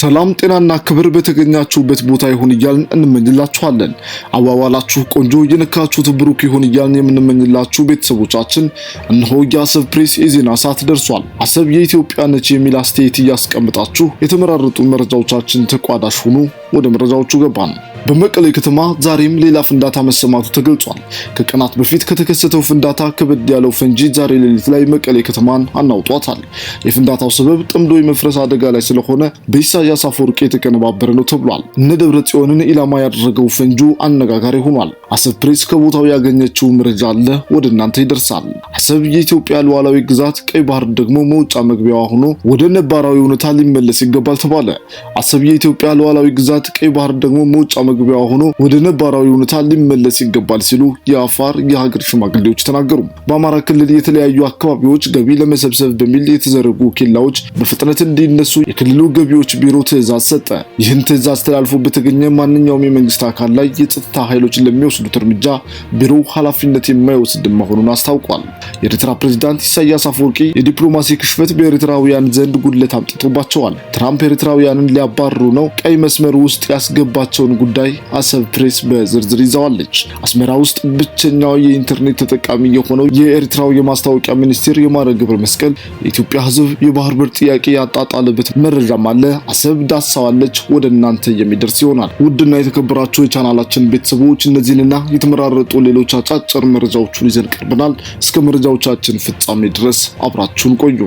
ሰላም ጤናና ክብር በተገኛችሁበት ቦታ ይሁን እያልን እንመኝላችኋለን። አዋዋላችሁ ቆንጆ የነካችሁት ብሩክ ይሁን እያልን የምንመኝላችሁ ቤተሰቦቻችን እነሆ የአሰብ ፕሬስ የዜና ሰዓት ደርሷል። አሰብ የኢትዮጵያ ነች የሚል አስተያየት እያስቀምጣችሁ የተመራረጡ መረጃዎቻችን ተቋዳሽ ሁኑ። ወደ መረጃዎቹ ገባን። በመቀሌ ከተማ ዛሬም ሌላ ፍንዳታ መሰማቱ ተገልጿል። ከቀናት በፊት ከተከሰተው ፍንዳታ ከበድ ያለው ፈንጂ ዛሬ ሌሊት ላይ መቀሌ ከተማን አናውጧታል። የፍንዳታው ሰበብ ጥምዶ የመፍረስ አደጋ ላይ ስለሆነ በኢሳያስ አፈወርቂ የተቀነባበረ ነው ተብሏል። እነ ደብረ ጽዮንን ኢላማ ያደረገው ፈንጁ አነጋጋሪ ሆኗል። አሰብ ፕሬስ ከቦታው ያገኘችው መረጃ አለ፣ ወደ እናንተ ይደርሳል። አሰብ የኢትዮጵያ ሉዓላዊ ግዛት፣ ቀይ ባህር ደግሞ መውጫ መግቢያዋ ሆኖ ወደ ነባራዊ እውነታ ሊመለስ ይገባል ተባለ። አሰብ የኢትዮጵያ ሉዓላዊ ግዛት፣ ቀይ ባህር ደግሞ መውጫ መግቢያ ሆኖ ወደ ነባራዊ ሁኔታ ሊመለስ ይገባል ሲሉ የአፋር የሀገር ሽማግሌዎች ተናገሩ። በአማራ ክልል የተለያዩ አካባቢዎች ገቢ ለመሰብሰብ በሚል የተዘረጉ ኬላዎች በፍጥነት እንዲነሱ የክልሉ ገቢዎች ቢሮ ትዕዛዝ ሰጠ። ይህን ትዕዛዝ ተላልፎ በተገኘ ማንኛውም የመንግስት አካል ላይ የጸጥታ ኃይሎች ለሚወስዱት እርምጃ ቢሮው ኃላፊነት የማይወስድ መሆኑን አስታውቋል። የኤርትራ ፕሬዚዳንት ኢሳያስ አፈወርቂ የዲፕሎማሲ ክሽፈት በኤርትራውያን ዘንድ ጉድለት አምጥቶባቸዋል። ትራምፕ ኤርትራውያንን ሊያባርሩ ነው፣ ቀይ መስመር ውስጥ ያስገባቸውን ጉዳይ ጉዳይ አሰብ ፕሬስ በዝርዝር ይዘዋለች። አስመራ ውስጥ ብቸኛው የኢንተርኔት ተጠቃሚ የሆነው የኤርትራው የማስታወቂያ ሚኒስቴር የማነ ግብረ መስቀል የኢትዮጵያ ሕዝብ የባህር በር ጥያቄ ያጣጣለበት መረጃም አለ። አሰብ ዳሰዋለች፣ ወደ እናንተ የሚደርስ ይሆናል። ውድና የተከበራችሁ የቻናላችን ቤተሰቦች እነዚህንና የተመራረጡ ሌሎች አጫጭር መረጃዎችን ይዘን ቀርበናል። እስከ መረጃዎቻችን ፍጻሜ ድረስ አብራችሁን ቆዩ።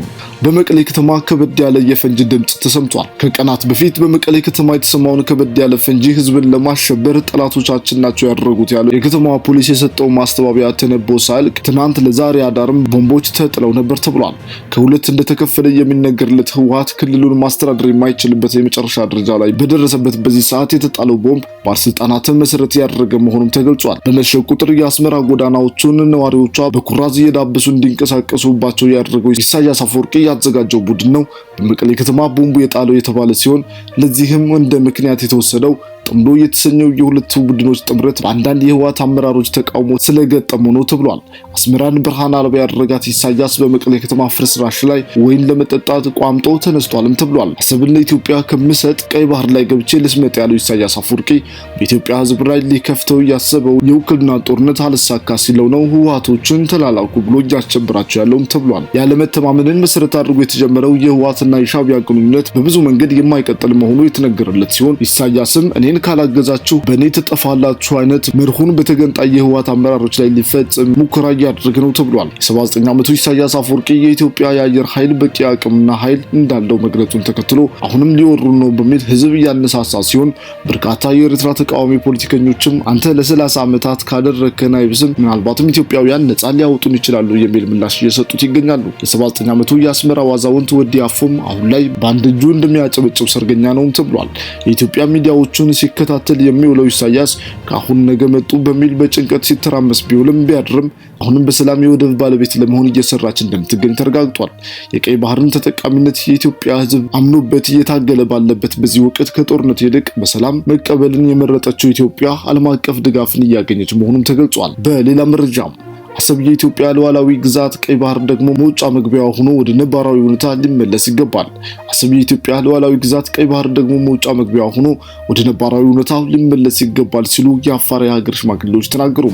በመቀሌ ከተማ ከበድ ያለ የፈንጂ ድምፅ ተሰምቷል። ከቀናት በፊት በመቀሌ ከተማ የተሰማውን ከበድ ያለ ፈንጂ ህዝብን ለ ለማሸበር ጠላቶቻችን ናቸው ያደረጉት ያለው የከተማዋ ፖሊስ የሰጠው ማስተባበያ ተነቦ ሳልቅ ትናንት ለዛሬ አዳርም ቦምቦች ተጥለው ነበር ተብሏል። ከሁለት እንደተከፈለ የሚነገርለት ህወሓት ክልሉን ማስተዳደር የማይችልበት የመጨረሻ ደረጃ ላይ በደረሰበት በዚህ ሰዓት የተጣለው ቦምብ ባለስልጣናትን መሰረት ያደረገ መሆኑም ተገልጿል። በመሸ ቁጥር የአስመራ ጎዳናዎቹን ነዋሪዎቿ በኩራዝ እየዳበሱ እንዲንቀሳቀሱባቸው ያደረገው ኢሳያስ አፈወርቂ ያዘጋጀው ቡድን ነው በመቀሌ ከተማ ቦምቡ የጣለው የተባለ ሲሆን ለዚህም እንደ ምክንያት የተወሰደው ጥምዶ የተሰኘው የሁለቱ ቡድኖች ጥምረት በአንዳንድ የህወሓት አመራሮች ተቃውሞ ስለገጠሙ ነው ተብሏል። አስመራን ብርሃን አልባ ያደረጋት ኢሳያስ በመቀሌ ከተማ ፍርስራሽ ላይ ወይን ለመጠጣት ቋምጦ ተነስቷልም ተብሏል። አሰብን ለኢትዮጵያ ከምሰጥ ቀይ ባህር ላይ ገብቼ ልስመጥ ያለው ኢሳያስ አፈወርቂ በኢትዮጵያ ህዝብ ላይ ሊከፍተው ያሰበው የውክልና ጦርነት አልሳካ ሲለው ነው ህወሓቶችን ተላላኩ ብሎ እያስቸብራቸው ያለውም ተብሏል። ያለመተማመንን መሰረት አድርጎ የተጀመረው የህወሓትና የሻቢያ ግንኙነት በብዙ መንገድ የማይቀጥል መሆኑ የተነገረለት ሲሆን ኢሳያስም እኔ እኔን ካላገዛችሁ በእኔ ትጠፋላችሁ አይነት መርሁን በተገንጣይ የህወሓት አመራሮች ላይ ሊፈጽም ሙከራ እያደረገ ነው ተብሏል። የ79 ዓመቱ ኢሳያስ አፈወርቂ የኢትዮጵያ የአየር ኃይል በቂ አቅምና ኃይል እንዳለው መግለጹን ተከትሎ አሁንም ሊወሩ ነው በሚል ህዝብ እያነሳሳ ሲሆን በርካታ የኤርትራ ተቃዋሚ ፖለቲከኞችም አንተ ለ30 ዓመታት ካደረከን አይብስም፣ ምናልባትም ኢትዮጵያውያን ነጻ ሊያወጡን ይችላሉ የሚል ምላሽ እየሰጡት ይገኛሉ። የ79 ዓመቱ የአስመራ ዋዛውንት ወዲ አፎም አሁን ላይ በአንድ እጁ እንደሚያጨበጭብ ሰርገኛ ነውም ተብሏል። የኢትዮጵያ ሚዲያዎቹን ሲከታተል የሚውለው ኢሳያስ ከአሁን ነገ መጡ በሚል በጭንቀት ሲተራመስ ቢውልም ቢያድርም አሁንም በሰላም የወደብ ባለቤት ለመሆን እየሰራች እንደምትገኝ ተረጋግጧል። የቀይ ባህርን ተጠቃሚነት የኢትዮጵያ ሕዝብ አምኖበት እየታገለ ባለበት በዚህ ወቅት ከጦርነት ይልቅ በሰላም መቀበልን የመረጠችው ኢትዮጵያ ዓለም አቀፍ ድጋፍን እያገኘች መሆኑም ተገልጿል። በሌላ መረጃም አሰብ የኢትዮጵያ ሉዓላዊ ግዛት፣ ቀይ ባህር ደግሞ መውጫ መግቢያዋ ሆኖ ወደ ነባራዊ ሁኔታ ሊመለስ ይገባል። አሰብ የኢትዮጵያ ሉዓላዊ ግዛት፣ ቀይ ባህር ደግሞ መውጫ መግቢያዋ ሆኖ ወደ ነባራዊ ሁኔታ ሊመለስ ይገባል ሲሉ የአፋር የሀገር ሽማግሌዎች ተናገሩ።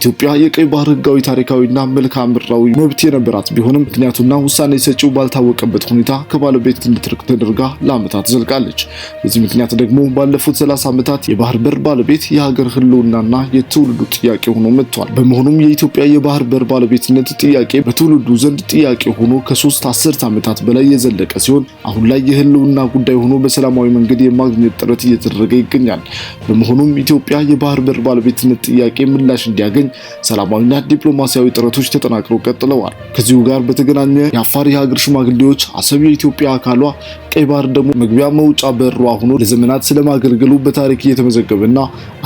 ኢትዮጵያ የቀይ ባህር ህጋዊ ታሪካዊና መልክዓ ምድራዊ መብት የነበራት ቢሆንም ምክንያቱና ውሳኔ ሰጪው ባልታወቀበት ሁኔታ ከባለቤት እንድትርቅ ተደርጋ ለዓመታት ዘልቃለች። በዚህ ምክንያት ደግሞ ባለፉት 30 ዓመታት የባህር በር ባለቤት የሀገር ህልውናና የትውልዱ ጥያቄ ሆኖ መጥቷል። በመሆኑም የኢትዮጵያ የባህር በር ባለቤትነት ጥያቄ በትውልዱ ዘንድ ጥያቄ ሆኖ ከሶስት አስርት ዓመታት በላይ የዘለቀ ሲሆን አሁን ላይ የህልውና ጉዳይ ሆኖ በሰላማዊ መንገድ የማግኘት ጥረት እየተደረገ ይገኛል። በመሆኑም ኢትዮጵያ የባህር በር ባለቤትነት ጥያቄ ምላሽ እንዲያገኝ ሰላማዊና ዲፕሎማሲያዊ ጥረቶች ተጠናክረው ቀጥለዋል። ከዚሁ ጋር በተገናኘ የአፋር የሀገር ሽማግሌዎች አሰብ የኢትዮጵያ አካሏ ቀይ ባህር ደግሞ መግቢያ መውጫ በሯ ሆኖ ለዘመናት ስለማገልገሉ በታሪክ እየተመዘገበና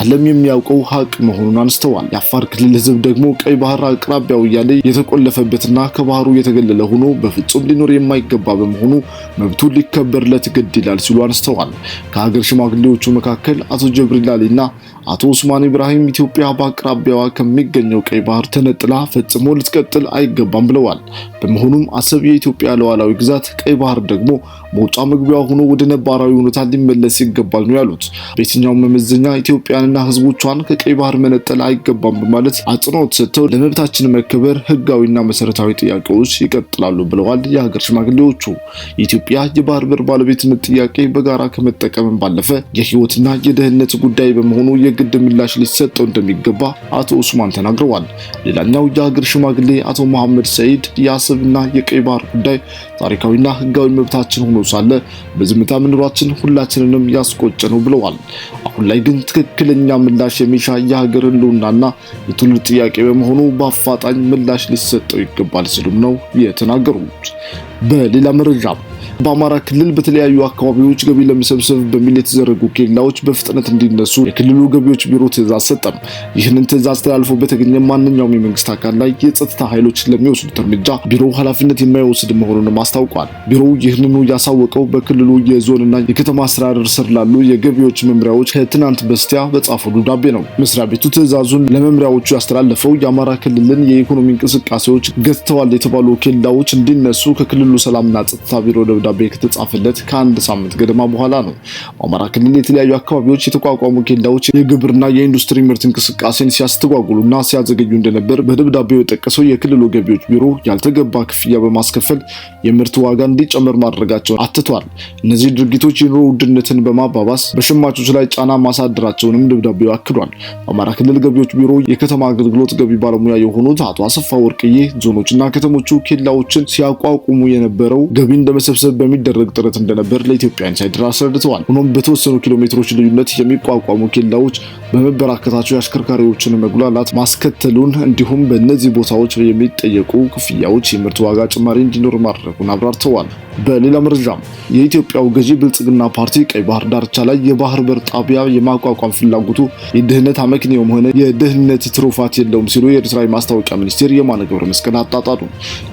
ዓለም የሚያውቀው ሀቅ መሆኑን አንስተዋል። የአፋር ክልል ህዝብ ደግሞ ቀይ ባህር አቅራቢያው እያለ የተቆለፈበትና ከባህሩ የተገለለ ሆኖ በፍጹም ሊኖር የማይገባ በመሆኑ መብቱ ሊከበርለት ግድ ይላል ሲሉ አንስተዋል። ከሀገር ሽማግሌዎቹ መካከል አቶ ጀብሪል አሊና አቶ ኡስማን ኢብራሂም ኢትዮጵያ በአቅራቢያዋ ከሚገኘው ቀይ ባህር ተነጥላ ፈጽሞ ልትቀጥል አይገባም ብለዋል። በመሆኑም አሰብ የኢትዮጵያ ሉዓላዊ ግዛት፣ ቀይ ባህር ደግሞ መውጫ መግቢያ ሆኖ ወደ ነባራዊ ሁኔታ ሊመለስ ይገባል ነው ያሉት። በየትኛውም መመዘኛ ኢትዮጵያንና ህዝቦቿን ከቀይ ባህር መነጠል አይገባም በማለት አጽንኦት ሰጥተው ለመብታችን መከበር ህጋዊና መሰረታዊ ጥያቄዎች ይቀጥላሉ ብለዋል። የሀገር ሽማግሌዎቹ የኢትዮጵያ የባህር በር ባለቤትነት ጥያቄ በጋራ ከመጠቀም ባለፈ የህይወትና የደህንነት ጉዳይ በመሆኑ የግድ ምላሽ ሊሰጠው እንደሚገባ አቶ ኡስማን ተናግረዋል። ሌላኛው የሀገር ሽማግሌ አቶ መሐመድ ሰይድ የአሰብና የቀይ ባህር ጉዳይ ታሪካዊና ህጋዊ መብታችን ሆኖ ሳለ በዝምታ መኖራችን ሁላችንንም ያስቆጨ ነው ብለዋል። አሁን ላይ ግን ትክክለኛ ምላሽ የሚሻ የሀገር ህልውናና የትውልድ ጥያቄ በመሆኑ በአፋጣኝ ምላሽ ሊሰጠው ይገባል ሲሉም ነው የተናገሩት። በሌላ መረጃ በአማራ ክልል በተለያዩ አካባቢዎች ገቢ ለመሰብሰብ በሚል የተዘረጉ ኬላዎች በፍጥነት እንዲነሱ የክልሉ ገቢዎች ቢሮ ትዕዛዝ ሰጠም። ይህንን ትዕዛዝ ተላልፎ በተገኘ ማንኛውም የመንግስት አካል ላይ የጸጥታ ኃይሎች ለሚወስዱት እርምጃ ቢሮው ኃላፊነት የማይወስድ መሆኑንም አስታውቋል። ቢሮው ይህንኑ ያሳወቀው በክልሉ የዞንና የከተማ አስተዳደር ስር ላሉ የገቢዎች መምሪያዎች ከትናንት በስቲያ በጻፈ ደብዳቤ ነው። መስሪያ ቤቱ ትዕዛዙን ለመምሪያዎቹ ያስተላለፈው የአማራ ክልልን የኢኮኖሚ እንቅስቃሴዎች ገዝተዋል የተባሉ ኬላዎች እንዲነሱ ከክልሉ ሰላምና ጸጥታ ቢሮ ደብዳቤ ደብዳቤ ከተጻፈለት ከአንድ ሳምንት ገደማ በኋላ ነው። በአማራ ክልል የተለያዩ አካባቢዎች የተቋቋሙ ኬላዎች የግብርና የኢንዱስትሪ ምርት እንቅስቃሴን ሲያስተጓጉሉና ሲያዘገዩ እንደነበር በደብዳቤው የጠቀሰው የክልሉ ገቢዎች ቢሮ ያልተገባ ክፍያ በማስከፈል የምርት ዋጋ እንዲጨምር ማድረጋቸውን አትቷል። እነዚህ ድርጊቶች የኑሮ ውድነትን በማባባስ በሸማቾች ላይ ጫና ማሳደራቸውንም ደብዳቤው አክሏል። በአማራ ክልል ገቢዎች ቢሮ የከተማ አገልግሎት ገቢ ባለሙያ የሆኑት አቶ አሰፋ ወርቅዬ ዞኖችና ከተሞቹ ኬላዎችን ሲያቋቁሙ የነበረው ገቢ እንደመሰብሰብ ለማሰብ በሚደረግ ጥረት እንደነበር ለኢትዮጵያ ኢንሳይደር አስረድተዋል። ሆኖም በተወሰኑ ኪሎ ሜትሮች ልዩነት የሚቋቋሙ ኬላዎች በመበራከታቸው የአሽከርካሪዎችን መጉላላት ማስከተሉን እንዲሁም በእነዚህ ቦታዎች የሚጠየቁ ክፍያዎች የምርት ዋጋ ጭማሪ እንዲኖር ማድረጉን አብራርተዋል። በሌላ መረጃም የኢትዮጵያው ገዢ ብልጽግና ፓርቲ ቀይ ባህር ዳርቻ ላይ የባህር በር ጣቢያ የማቋቋም ፍላጎቱ የድህነት አመክንዮም ሆነ የድህነት ትሩፋት የለውም ሲሉ የኤርትራ የማስታወቂያ ሚኒስቴር የማነ ገብረ መስቀል አጣጣሉ።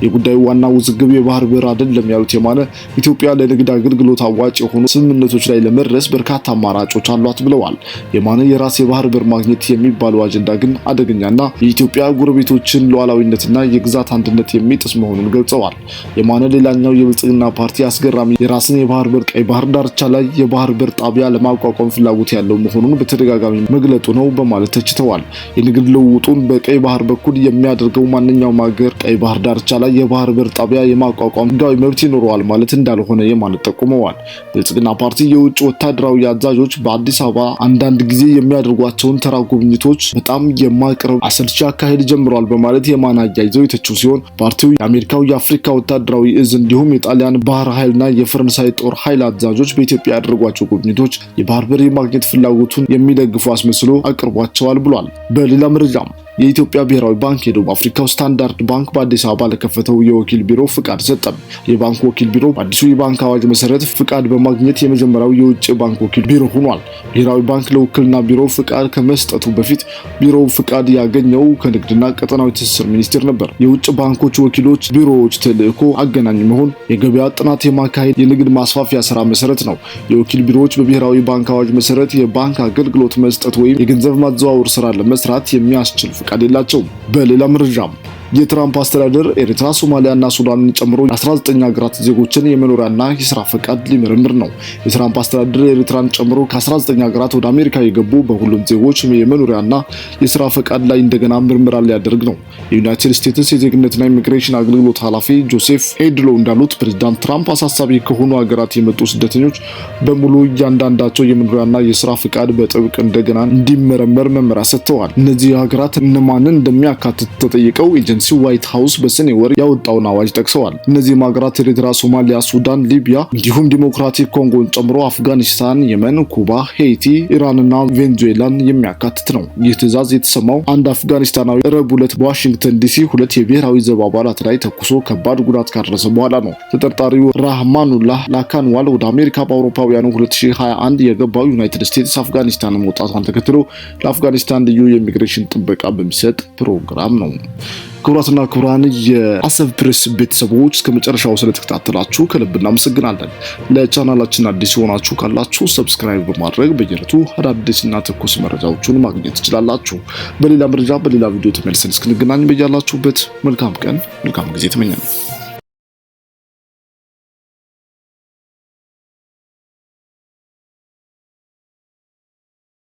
የጉዳዩ ዋና ውዝግብ የባህር በር አይደለም ያሉት የማነ ኢትዮጵያ ለንግድ አገልግሎት አዋጭ የሆኑ ስምምነቶች ላይ ለመድረስ በርካታ አማራጮች አሏት ብለዋል። የማነ የራሴ የባህር በር ማግኘት የሚባለው አጀንዳ ግን አደገኛና የኢትዮጵያ ጎረቤቶችን ሉዓላዊነትና የግዛት አንድነት የሚጥስ መሆኑን ገልጸዋል። የማነ ሌላኛው የብልጽግና ፓርቲ አስገራሚ የራስን የባህር በር ቀይ ባህር ዳርቻ ላይ የባህር በር ጣቢያ ለማቋቋም ፍላጎት ያለው መሆኑን በተደጋጋሚ መግለጡ ነው በማለት ተችተዋል። የንግድ ልውውጡን በቀይ ባህር በኩል የሚያደርገው ማንኛውም ሀገር ቀይ ባህር ዳርቻ ላይ የባህር በር ጣቢያ የማቋቋም ሕጋዊ መብት ይኖረዋል ማለት እንዳልሆነ የማነ ጠቁመዋል። ብልጽግና ፓርቲ የውጭ ወታደራዊ አዛዦች በአዲስ አበባ አንዳንድ ጊዜ የሚያደርጉ ያደረጓቸውን ተራ ጉብኝቶች በጣም የማቅረብ አሰልቺ አካሄድ ጀምረዋል በማለት የማን አያይዘው የተችው ሲሆን ፓርቲው የአሜሪካው የአፍሪካ ወታደራዊ እዝ እንዲሁም የጣሊያን ባህር ኃይልና የፈረንሳይ ጦር ኃይል አዛዦች በኢትዮጵያ ያደረጓቸው ጉብኝቶች የባህር በር የማግኘት ፍላጎቱን የሚደግፉ አስመስሎ አቅርቧቸዋል ብሏል። በሌላ መረጃም የኢትዮጵያ ብሔራዊ ባንክ የደቡብ አፍሪካው ስታንዳርድ ባንክ በአዲስ አበባ ለከፈተው የወኪል ቢሮ ፍቃድ ሰጠም። የባንክ ወኪል ቢሮ በአዲሱ የባንክ አዋጅ መሰረት ፍቃድ በማግኘት የመጀመሪያው የውጭ ባንክ ወኪል ቢሮ ሆኗል። ብሔራዊ ባንክ ለውክልና ቢሮ ፍቃድ ከመስጠቱ በፊት ቢሮው ፍቃድ ያገኘው ከንግድና ቀጠናዊ ትስስር ሚኒስቴር ነበር። የውጭ ባንኮች ወኪሎች ቢሮዎች ተልዕኮ አገናኝ መሆን፣ የገበያ ጥናት የማካሄድ፣ የንግድ ማስፋፊያ ስራ መሰረት ነው። የወኪል ቢሮዎች በብሔራዊ ባንክ አዋጅ መሰረት የባንክ አገልግሎት መስጠት ወይም የገንዘብ ማዘዋወር ስራ ለመስራት የሚያስችል ፈቃድ የላቸውም። በሌላ መረጃም የትራምፕ አስተዳደር ኤርትራ፣ ሶማሊያና ሱዳንን ጨምሮ 19 ሀገራት ዜጎችን የመኖሪያና የስራ ፈቃድ ሊመረምር ነው። የትራምፕ አስተዳደር ኤርትራን ጨምሮ ከ19 ሀገራት ወደ አሜሪካ የገቡ በሁሉም ዜጎች የመኖሪያና የስራ ፈቃድ ላይ እንደገና ምርመራ ሊያደርግ ነው። የዩናይትድ ስቴትስ የዜግነትና ኢሚግሬሽን አገልግሎት ኃላፊ ጆሴፍ ኤድሎ እንዳሉት ፕሬዚዳንት ትራምፕ አሳሳቢ ከሆኑ ሀገራት የመጡ ስደተኞች በሙሉ እያንዳንዳቸው የመኖሪያና የስራ ፈቃድ በጥብቅ እንደገና እንዲመረመር መመሪያ ሰጥተዋል። እነዚህ ሀገራት እነማንን እንደሚያካትት ተጠይቀው ኤጀንሲ ዋይት ሀውስ በሰኔ ወር ያወጣውን አዋጅ ጠቅሰዋል። እነዚህም ሀገራት ኤርትራ፣ ሶማሊያ፣ ሱዳን፣ ሊቢያ እንዲሁም ዲሞክራቲክ ኮንጎን ጨምሮ አፍጋኒስታን፣ የመን፣ ኩባ፣ ሄይቲ፣ ኢራንና ቬንዙዌላን የሚያካትት ነው። ይህ ትዕዛዝ የተሰማው አንድ አፍጋኒስታናዊ ረቡዕ ዕለት በዋሽንግተን ዲሲ ሁለት የብሔራዊ ዘብ አባላት ላይ ተኩሶ ከባድ ጉዳት ካደረሰ በኋላ ነው። ተጠርጣሪው ራህማኑላህ ላካንዋል ወደ አሜሪካ በአውሮፓውያኑ 2021 የገባው ዩናይትድ ስቴትስ አፍጋኒስታን መውጣቷን ተከትሎ ለአፍጋኒስታን ልዩ የኢሚግሬሽን ጥበቃ በሚሰጥ ፕሮግራም ነው። ክቡራትና ክቡራን የአሰብ ፕሬስ ቤተሰቦች እስከ መጨረሻው ስለተከታተላችሁ ከልብ እናመሰግናለን። ለቻናላችን አዲስ የሆናችሁ ካላችሁ ሰብስክራይብ በማድረግ በየዕለቱ አዳዲስና ትኩስ መረጃዎችን ማግኘት ትችላላችሁ። በሌላ መረጃ በሌላ ቪዲዮ ተመልሰን እስክንገናኝ በያላችሁበት መልካም ቀን መልካም ጊዜ ተመኘነው።